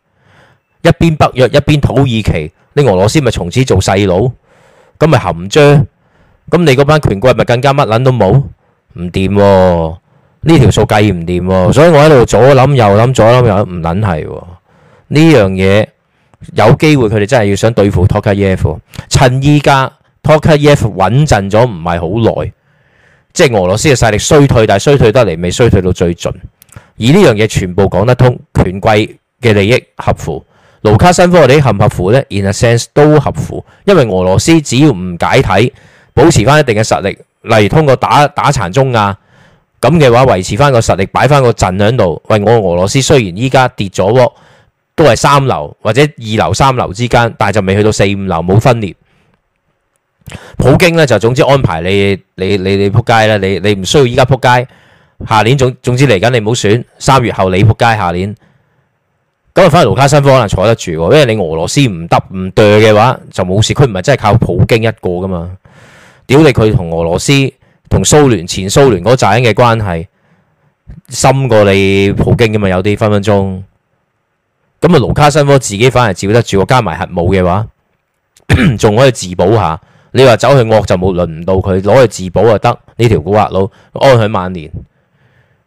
Speaker 1: 一邊北約一邊土耳其，你俄羅斯咪從此做細佬，咁咪含張，咁你嗰班權貴咪更加乜捻都冇，唔掂喎。呢條數計唔掂喎，所以我喺度左諗右諗左諗右諗，唔撚係喎，呢樣嘢有機會佢哋真係要想對付 Tokayev，趁依家 Tokayev 穩陣咗唔係好耐，即係俄羅斯嘅勢力衰退，但係衰退得嚟未衰退到最盡，而呢樣嘢全部講得通，權貴嘅利益合乎，盧卡申科嗰啲合唔合乎呢？In a sense 都合乎，因為俄羅斯只要唔解體，保持翻一定嘅實力，例如通過打打殘中亞。咁嘅話維持翻個實力，擺翻個陣喺度。喂，我俄羅斯雖然依家跌咗喎，都係三流或者二流三流之間，但係就未去到四五流冇分裂。普京呢就總之安排你你你你仆街啦，你你唔需要依家仆街，下年總總之嚟緊你唔好選，三月後你仆街，下年咁啊，反而盧卡申科可能坐得住喎，因為你俄羅斯唔得唔對嘅話，就冇事。佢唔係真係靠普京一個㗎嘛，屌你佢同俄羅斯。同蘇聯前蘇聯嗰扎人嘅關係深過你普京嘅嘛？有啲分分鐘咁啊，盧卡申科自己反而照得住，加埋核武嘅話仲 可以自保下。你話走去惡就冇輪唔到佢攞去自保啊，得呢條古惑佬安享晚年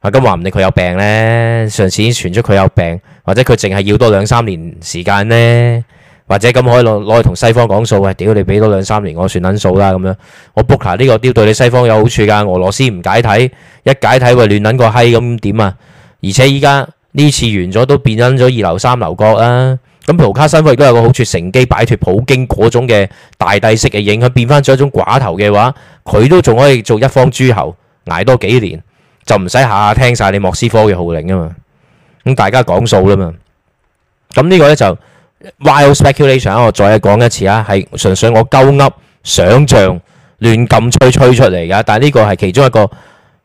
Speaker 1: 啊！咁話唔定佢有病呢？上次已傳出佢有病，或者佢淨係要多兩三年時間呢。或者咁可以攞攞去同西方講數啊！屌你俾多兩三年，我算撚數啦咁樣。我 book 下呢個啲對你西方有好處㗎。俄羅斯唔解體，一解體會亂撚個閪咁點啊？而且依家呢次完咗都變撚咗二流三流國啦，啊。咁盧卡申科都有個好處，乘機擺脫普京嗰種嘅大帝式嘅影響，變翻咗一種寡頭嘅話，佢都仲可以做一方諸侯，捱多幾年就唔使下下聽晒你莫斯科嘅號令啊嘛。咁、嗯、大家講數啦嘛。咁、嗯這個、呢個咧就。wild speculation，我再講一次啊，係純粹我鳩噏、想象、亂咁吹吹出嚟噶。但係呢個係其中一個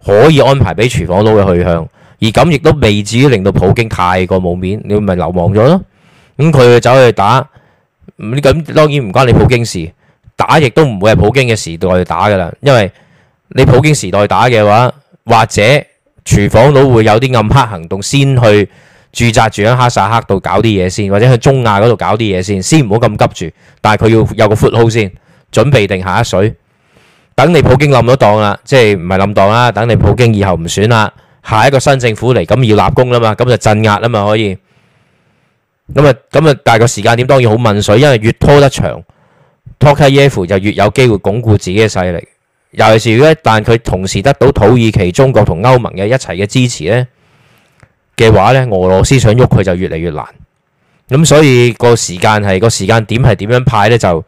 Speaker 1: 可以安排俾廚房佬嘅去向，而咁亦都未至於令到普京太過冇面，你咪流亡咗咯。咁佢走去打，咁當然唔關你普京事，打亦都唔會係普京嘅時代去打噶啦。因為你普京時代打嘅話，或者廚房佬會有啲暗黑行動先去。駐紮住喺哈薩克度搞啲嘢先，或者去中亞嗰度搞啲嘢先，先唔好咁急住。但係佢要有個 foothold 先，準備定下一水。等你普京冧咗檔啦，即係唔係冧檔啦？等你普京以後唔選啦，下一個新政府嚟咁要立功啦嘛，咁就鎮壓啦嘛可以。咁啊咁啊，但係個時間點當然好問水，因為越拖得長，Tokayev 就越有機會鞏固自己嘅勢力。尤其是如果一旦佢同時得到土耳其、中國同歐盟嘅一齊嘅支持咧，嘅話咧，俄羅斯想喐佢就越嚟越難。咁所以個時間係、個時間點係點樣派咧，就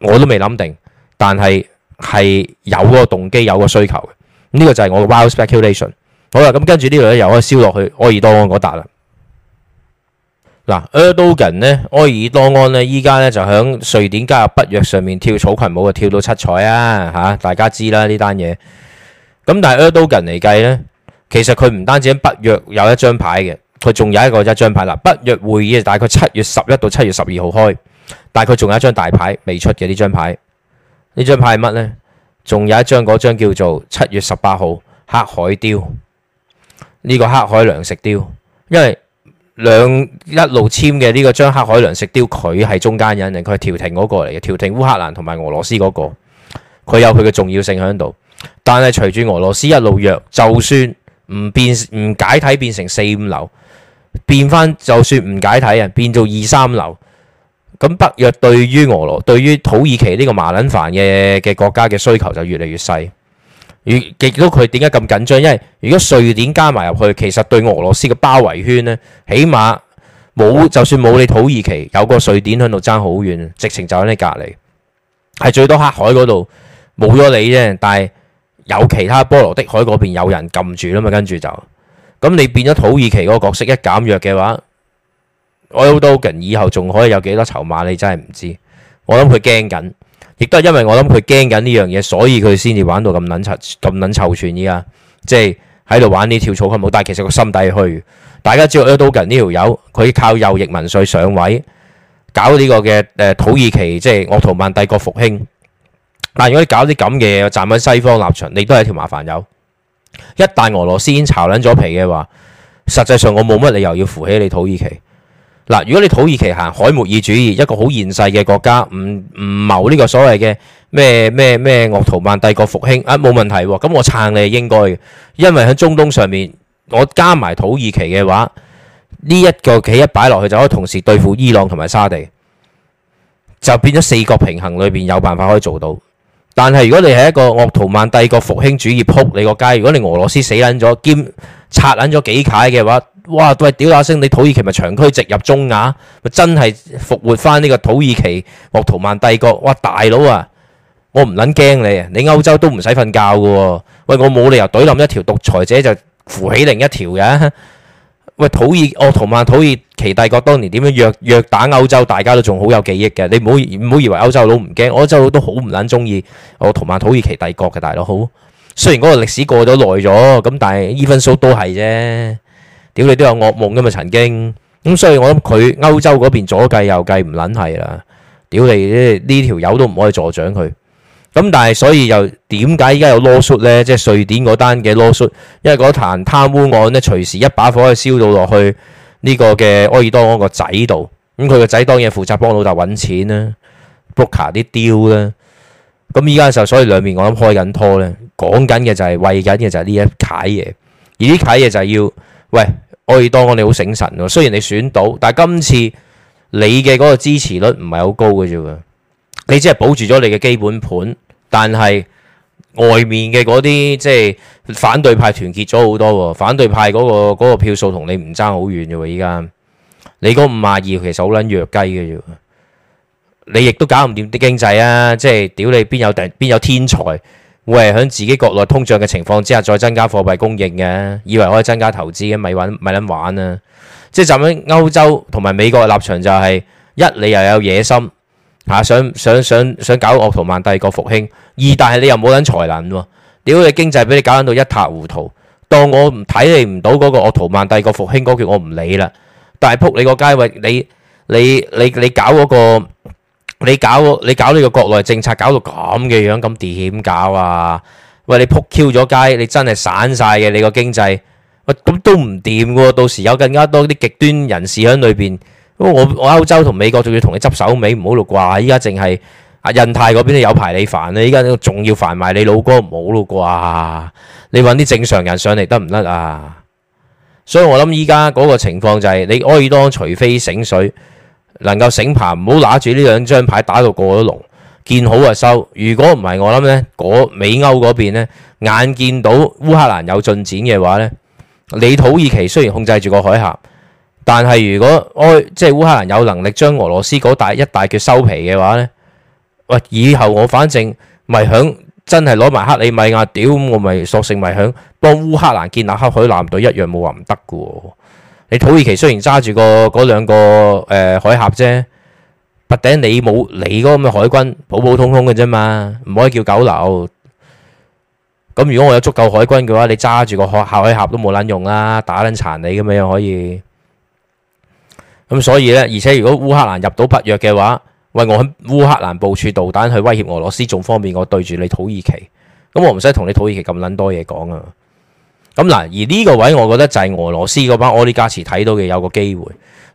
Speaker 1: 我都未諗定。但係係有個動機，有個需求嘅。呢、呢個就係我嘅 wild speculation。好啦，咁跟住呢度咧又可以燒落去埃爾多安嗰笪啦。嗱 Erdoğan 咧，埃爾多安呢，依家咧就響瑞典加入北約上面跳草裙舞啊，跳到七彩啊嚇！大家知啦，呢單嘢。咁但係 Erdoğan 嚟計咧。其實佢唔單止喺北約有一張牌嘅，佢仲有一個有一張牌啦。北約會議大概七月十一到七月十二號開，但係佢仲有一張大牌未出嘅，呢張牌。呢張牌係乜呢？仲有一張嗰張叫做七月十八號黑海雕呢、呢個黑海糧食雕，因為兩一路簽嘅呢個張黑海糧食雕，佢係中間人嚟，佢係調停嗰、嗰個嚟嘅調停烏克蘭同埋俄羅斯嗰、嗰個，佢有佢嘅重要性喺度。但係隨住俄羅斯一路弱，就算唔變唔解體，變成四五流，變翻就算唔解體啊，變做二三流。咁北約對於俄羅，對於土耳其呢個麻撚煩嘅嘅國家嘅需求就越嚟越細。亦極到佢點解咁緊張？因為如果瑞典加埋入去，其實對俄羅斯嘅包圍圈呢，起碼冇就算冇你土耳其，有個瑞典喺度爭好遠，直情就喺你隔籬，係最多黑海嗰度冇咗你啫，但係。有其他波羅的海嗰邊有人撳住啦嘛，跟住就咁你變咗土耳其嗰個角色一減弱嘅話，埃爾多根以後仲可以有幾多籌碼，你真係唔知。我諗佢驚緊，亦都係因為我諗佢驚緊呢樣嘢，所以佢先至玩到咁撚摻咁撚湊算噶。即係喺度玩呢條草根舞，但係其實個心底虛，大家知道埃爾多根呢條友，佢靠右翼民粹上位，搞呢個嘅誒土耳其即係鄂圖曼帝國復興。但如果你搞啲咁嘅嘢，站喺西方立場，你都係一條麻煩友。一旦俄羅斯已經炒撚咗皮嘅話，實際上我冇乜理由要扶起你土耳其。嗱，如果你土耳其行凱末爾主義，一個好現世嘅國家，唔唔謀呢個所謂嘅咩咩咩鄂圖曼帝國復興啊，冇問題喎。咁我撐你係應該嘅，因為喺中東上面，我加埋土耳其嘅話，呢一個棋一擺落去就可以同時對付伊朗同埋沙地，就變咗四國平衡裏邊有辦法可以做到。但係如果你係一個鄂圖曼帝國復興主義，仆你個街！如果你俄羅斯死撚咗，兼拆撚咗幾屆嘅話，哇！喂，屌下聲，你土耳其咪長驅直入中亞，咪真係復活翻呢個土耳其鄂圖曼帝國？哇！大佬啊，我唔撚驚你啊！你歐洲都唔使瞓覺嘅喎，喂，我冇理由懟冧一條獨裁者就扶起另一條嘅。喂，土耳其，奧圖曼土耳其帝，帝國當年點樣虐虐打歐洲，大家都仲好有記憶嘅。你唔好唔好以為歐洲佬唔驚，歐洲佬都好唔撚鍾意奧圖曼土耳其帝，帝國嘅大佬。好，雖然嗰個歷史過咗耐咗，咁但係伊凡蘇都係啫。屌你都有噩夢㗎嘛，曾經，咁所以我諗佢歐洲嗰邊左計右計唔撚係啦。屌你呢呢條友都唔可以助長佢。咁但係所以又點解依家有囉嗦咧？即係瑞典嗰單嘅囉嗦，因為嗰壇貪污案咧，隨時一把火可以燒到落去呢個嘅埃爾多安個仔度。咁佢個仔當然負責幫老豆揾錢啦，book 啲 deal 啦。咁依家嘅時候，所以兩面我諗開緊拖咧，講緊嘅就係為緊嘅就係呢一攤嘢。而呢攤嘢就係要，喂，埃爾多安你好醒神喎、啊。雖然你選到，但係今次你嘅嗰個支持率唔係好高嘅啫喎，你只係保住咗你嘅基本盤。但係外面嘅嗰啲即係反對派團結咗好多喎，反對派嗰個嗰個票數同你唔爭好遠嘅喎，依家你嗰五十二其實好撚弱雞嘅，你亦都搞唔掂啲經濟啊！即係屌你邊有邊有天才會係喺自己國內通脹嘅情況之下再增加貨幣供應嘅？以為可以增加投資嘅。咪玩咪撚玩啊！即係站喺歐洲同埋美國嘅立場就係，一你又有野心。吓想想想想搞個奧圖曼帝國復興，而但係你又冇撚才能喎，屌你經濟俾你搞到一塌糊塗，當我睇你唔到嗰個奧圖曼帝國復興嗰叫、那個、我唔理啦，但係仆你個街喂你你你你，你搞嗰、那個，你搞你搞你個國內政策搞到咁嘅樣咁危險搞啊，喂你仆 Q 咗街，你真係散晒嘅你個經濟，喂咁都唔掂喎，到時有更加多啲極端人士喺裏邊。我我歐洲同美國仲要同你執手尾唔好咯啩，依家淨係印太嗰邊都有排你煩啦，依家仲要煩埋你老哥唔好咯啩，你搵啲正常人上嚟得唔得啊？所以我諗依家嗰個情況就係你可以當除非醒水，能夠醒牌，唔好拿住呢兩張牌打到過咗龍，見好就收。如果唔係，我諗咧，嗰美歐嗰邊咧，眼見到烏克蘭有進展嘅話咧，你土耳其雖然控制住個海峽。但係如果我即係烏克蘭有能力將俄羅斯嗰大一大腳收皮嘅話呢喂，以後我反正咪響真係攞埋克里米亞屌，屌咁我咪索性咪響幫烏克蘭建立黑海艦隊一樣冇話唔得噶喎。你土耳其雖然揸住個嗰兩個、呃、海峽啫，畢竟你冇你嗰咁嘅海軍普普通通嘅啫嘛，唔可以叫九流。咁如果我有足夠海軍嘅話，你揸住個海海峽都冇撚用啦，打撚殘你咁樣可以。咁所以呢，而且如果烏克蘭入到北約嘅話，喂，我喺烏克蘭部署導彈去威脅俄羅斯，仲方便我對住你土耳其，咁我唔使同你土耳其咁捻多嘢講啊。咁嗱，而呢個位我覺得就係俄羅斯嗰班奧利加茨睇到嘅有個機會。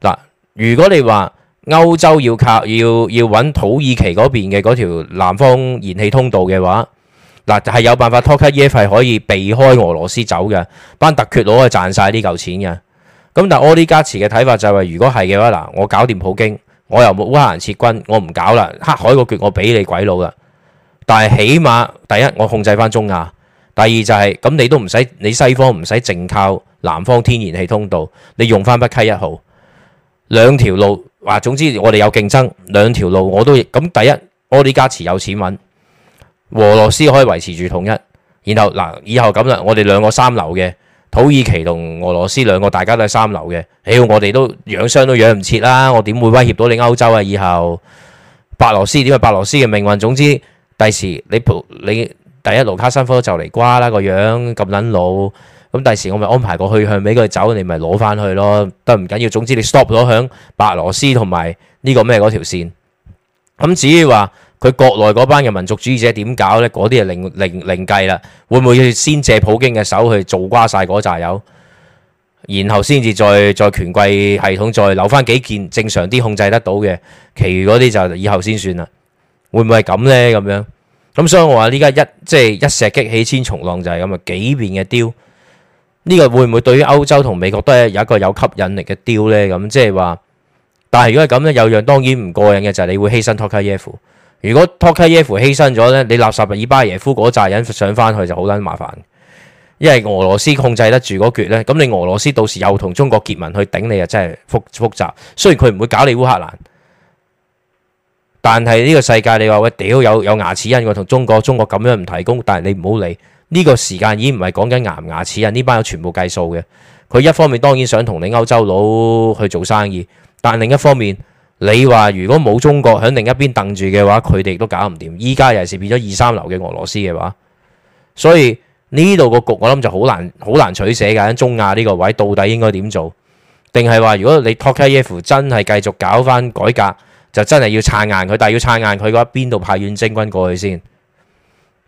Speaker 1: 嗱，如果你話歐洲要靠要要搵土耳其嗰邊嘅嗰條南方燃氣通道嘅話，嗱係有辦法托克耶夫係可以避開俄羅斯走嘅，班特厥佬係賺晒呢嚿錢嘅。咁但柯利加茨嘅睇法就係話，如果係嘅話，嗱，我搞掂普京，我又冇烏克蘭撤軍，我唔搞啦，黑海個決我俾你鬼佬啦。但係起碼第一，我控制翻中亞；第二就係咁，你都唔使你西方唔使淨靠南方天然氣通道，你用翻北溪一號兩條路。話總之我哋有競爭兩條路，我都亦咁第一，柯利加茨有錢揾，俄羅斯可以維持住統一。然後嗱，以後咁啦，我哋兩個三流嘅。土耳其同俄羅斯兩個，大家都係三流嘅，妖我哋都養傷都養唔切啦。我點會威脅到你歐洲啊？以後白羅斯點解白羅斯嘅命運，總之第時你你第一盧卡申科、嗯、就嚟瓜啦個樣咁捻老咁。第時我咪安排個去向俾佢走，你咪攞翻去咯，都唔緊要。總之你 stop 咗響白羅斯同埋呢個咩嗰條線咁、嗯，至於話。佢國內嗰班嘅民族主義者點搞呢？嗰啲就另另另計啦。會唔會先借普京嘅手去做瓜晒嗰扎油，然後先至再再權貴系統再留翻幾件正常啲控制得到嘅，其餘嗰啲就以後先算啦。會唔會係咁呢？咁樣咁所以我話呢家一即係、就是、一石激起千重浪就係咁啊，幾面嘅雕。呢、呢個會唔會對於歐洲同美國都係有一個有吸引力嘅雕呢？咁即係話，但係如果係咁呢，有樣當然唔過癮嘅就係你會犧牲托卡耶夫。如果 Tokayev 犧牲咗呢，你垃圾爾巴耶夫嗰扎人上翻去就好捻麻煩，因為俄羅斯控制得住嗰決呢，咁你俄羅斯到時又同中國結盟去頂你，又真係複複雜。雖然佢唔會搞你烏克蘭，但係呢個世界你話喂屌有有，有牙齒印，我同中國，中國咁樣唔提供，但係你唔好理呢、呢個時間已唔係講緊牙唔牙齒印，呢班，有全部計數嘅。佢一方面當然想同你歐洲佬去做生意，但另一方面。你話如果冇中國喺另一邊凳住嘅話，佢哋都搞唔掂。依家又係變咗二三流嘅俄羅斯嘅話，所以呢度個局我諗就好難好難取捨㗎。中亞呢個位到底應該點做？定係話如果你 Tokayev 真係繼續搞翻改革，就真係要撐硬佢，但係要撐硬佢嘅話，邊度派遠征軍過去先？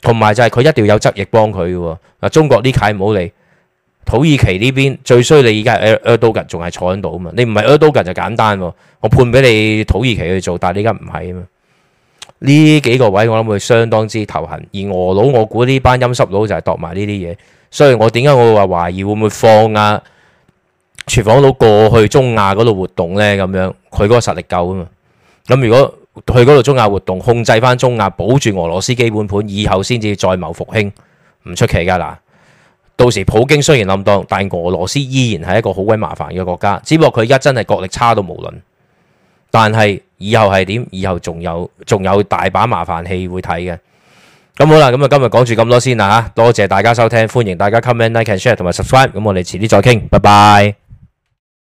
Speaker 1: 同埋就係佢一定要有執役幫佢嘅喎。嗱，中國呢派唔好理，土耳其呢邊最衰、er，你而家 a 埃埃都根仲係坐喺度啊嘛！你唔係埃都根就簡單，我判俾你土耳其去做，但係你而家唔係啊嘛！呢幾個位我諗會相當之頭痕，而俄佬我估呢班陰濕佬就係度埋呢啲嘢，所以我點解我話懷疑會唔會放啊？廚房佬過去中亞嗰度活動呢？咁樣，佢嗰個實力夠啊嘛！咁如果去嗰度中亞活動，控制翻中亞，保住俄羅斯基本盤，以後先至再謀復興，唔出奇噶喇。到時普京雖然冧檔，但俄羅斯依然係一個好鬼麻煩嘅國家。只不過佢而家真係國力差到無論，但係以後係點？以後仲有仲有大把麻煩戲會睇嘅。咁好啦，咁啊今日講住咁多先啦吓，多謝大家收聽，歡迎大家 comment、like and share 同埋 subscribe。咁我哋遲啲再傾，拜拜。